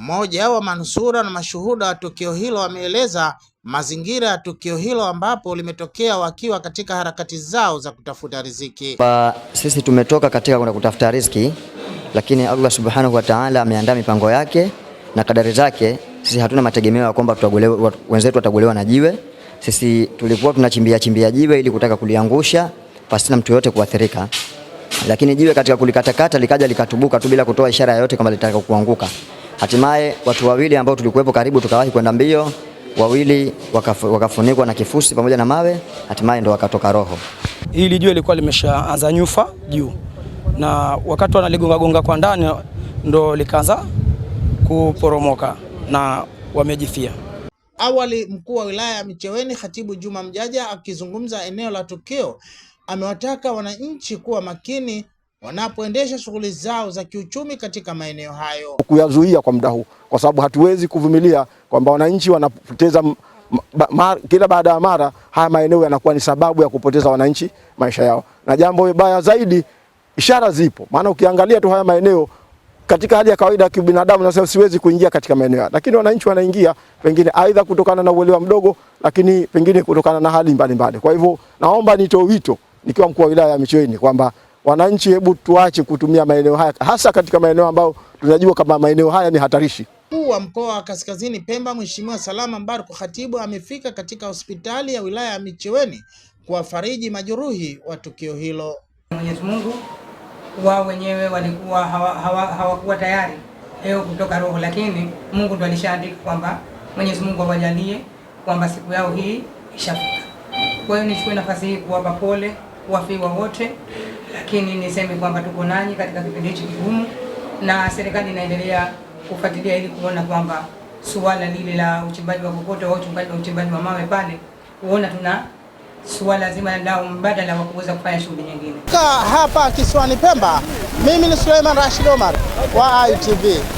Mmoja wa manusura na mashuhuda wa tukio hilo wameeleza mazingira ya tukio hilo ambapo limetokea wakiwa katika harakati zao za kutafuta riziki. Ba, sisi tumetoka katika kwenda kutafuta riziki, lakini Allah subhanahu wa ta'ala ameandaa mipango yake na kadari zake. Sisi hatuna mategemeo ya kwamba wenzetu watagolewa na jiwe. Sisi tulikuwa tunachimbia chimbia jiwe ili kutaka kuliangusha pasina mtu yote kuathirika, lakini jiwe katika kulikatakata likaja likatubuka tu bila kutoa ishara yoyote kwamba litataka kuanguka. Hatimaye watu wawili ambao tulikuwepo karibu tukawahi kwenda mbio, wawili wakafunikwa na kifusi pamoja na mawe, hatimaye ndo wakatoka roho. Hili jua lilikuwa limeshaanza nyufa juu, na wakati wanaligongagonga kwa ndani ndo likaanza kuporomoka na wamejifia. Awali mkuu wa wilaya ya Micheweni Khatibu Juma Mjaja akizungumza eneo la tukio amewataka wananchi kuwa makini wanapoendesha shughuli zao za kiuchumi katika maeneo hayo, kuyazuia kwa muda huu, kwa sababu hatuwezi kuvumilia kwamba wananchi wanapoteza ma, kila baada ya mara haya maeneo yanakuwa ni sababu ya kupoteza wananchi maisha yao, na jambo baya zaidi, ishara zipo, maana ukiangalia tu haya maeneo katika hali ya kawaida ya kibinadamu nasema siwezi kuingia katika maeneo haya, lakini wananchi wanaingia, pengine aidha kutokana na uelewa mdogo, lakini pengine kutokana na hali mbalimbali mbali. Kwa hivyo naomba nitoe wito nikiwa mkuu wa wilaya ya Micheweni kwamba Wananchi, hebu tuache kutumia maeneo haya, hasa katika maeneo ambayo tunajua kama maeneo haya ni hatarishi. Mkuu wa mkoa wa Kaskazini Pemba Mheshimiwa Salama Mbaruku Khatibu amefika katika hospitali ya wilaya ya Micheweni kuwafariji majeruhi wa tukio hilo. Mwenyezi Mungu, wao wenyewe walikuwa hawakuwa hawa, hawa tayari leo kutoka roho, lakini Mungu ndo alishaandika kwamba Mwenyezi Mungu awajalie kwamba siku yao hii ishafika. Kwa hiyo nichukue nafasi hii kuwapa pole wafiwa wote, lakini niseme kwamba tuko nanyi katika kipindi hichi kigumu, na serikali inaendelea kufuatilia ili kuona kwamba suala lile la uchimbaji wa kokoto au uchimbaji wa uchimbaji wa mawe pale, kuona tuna suala zima la mbadala wa kuweza kufanya shughuli nyingine hapa kisiwani Pemba. Mimi ni Suleiman Rashid Omar wa ITV.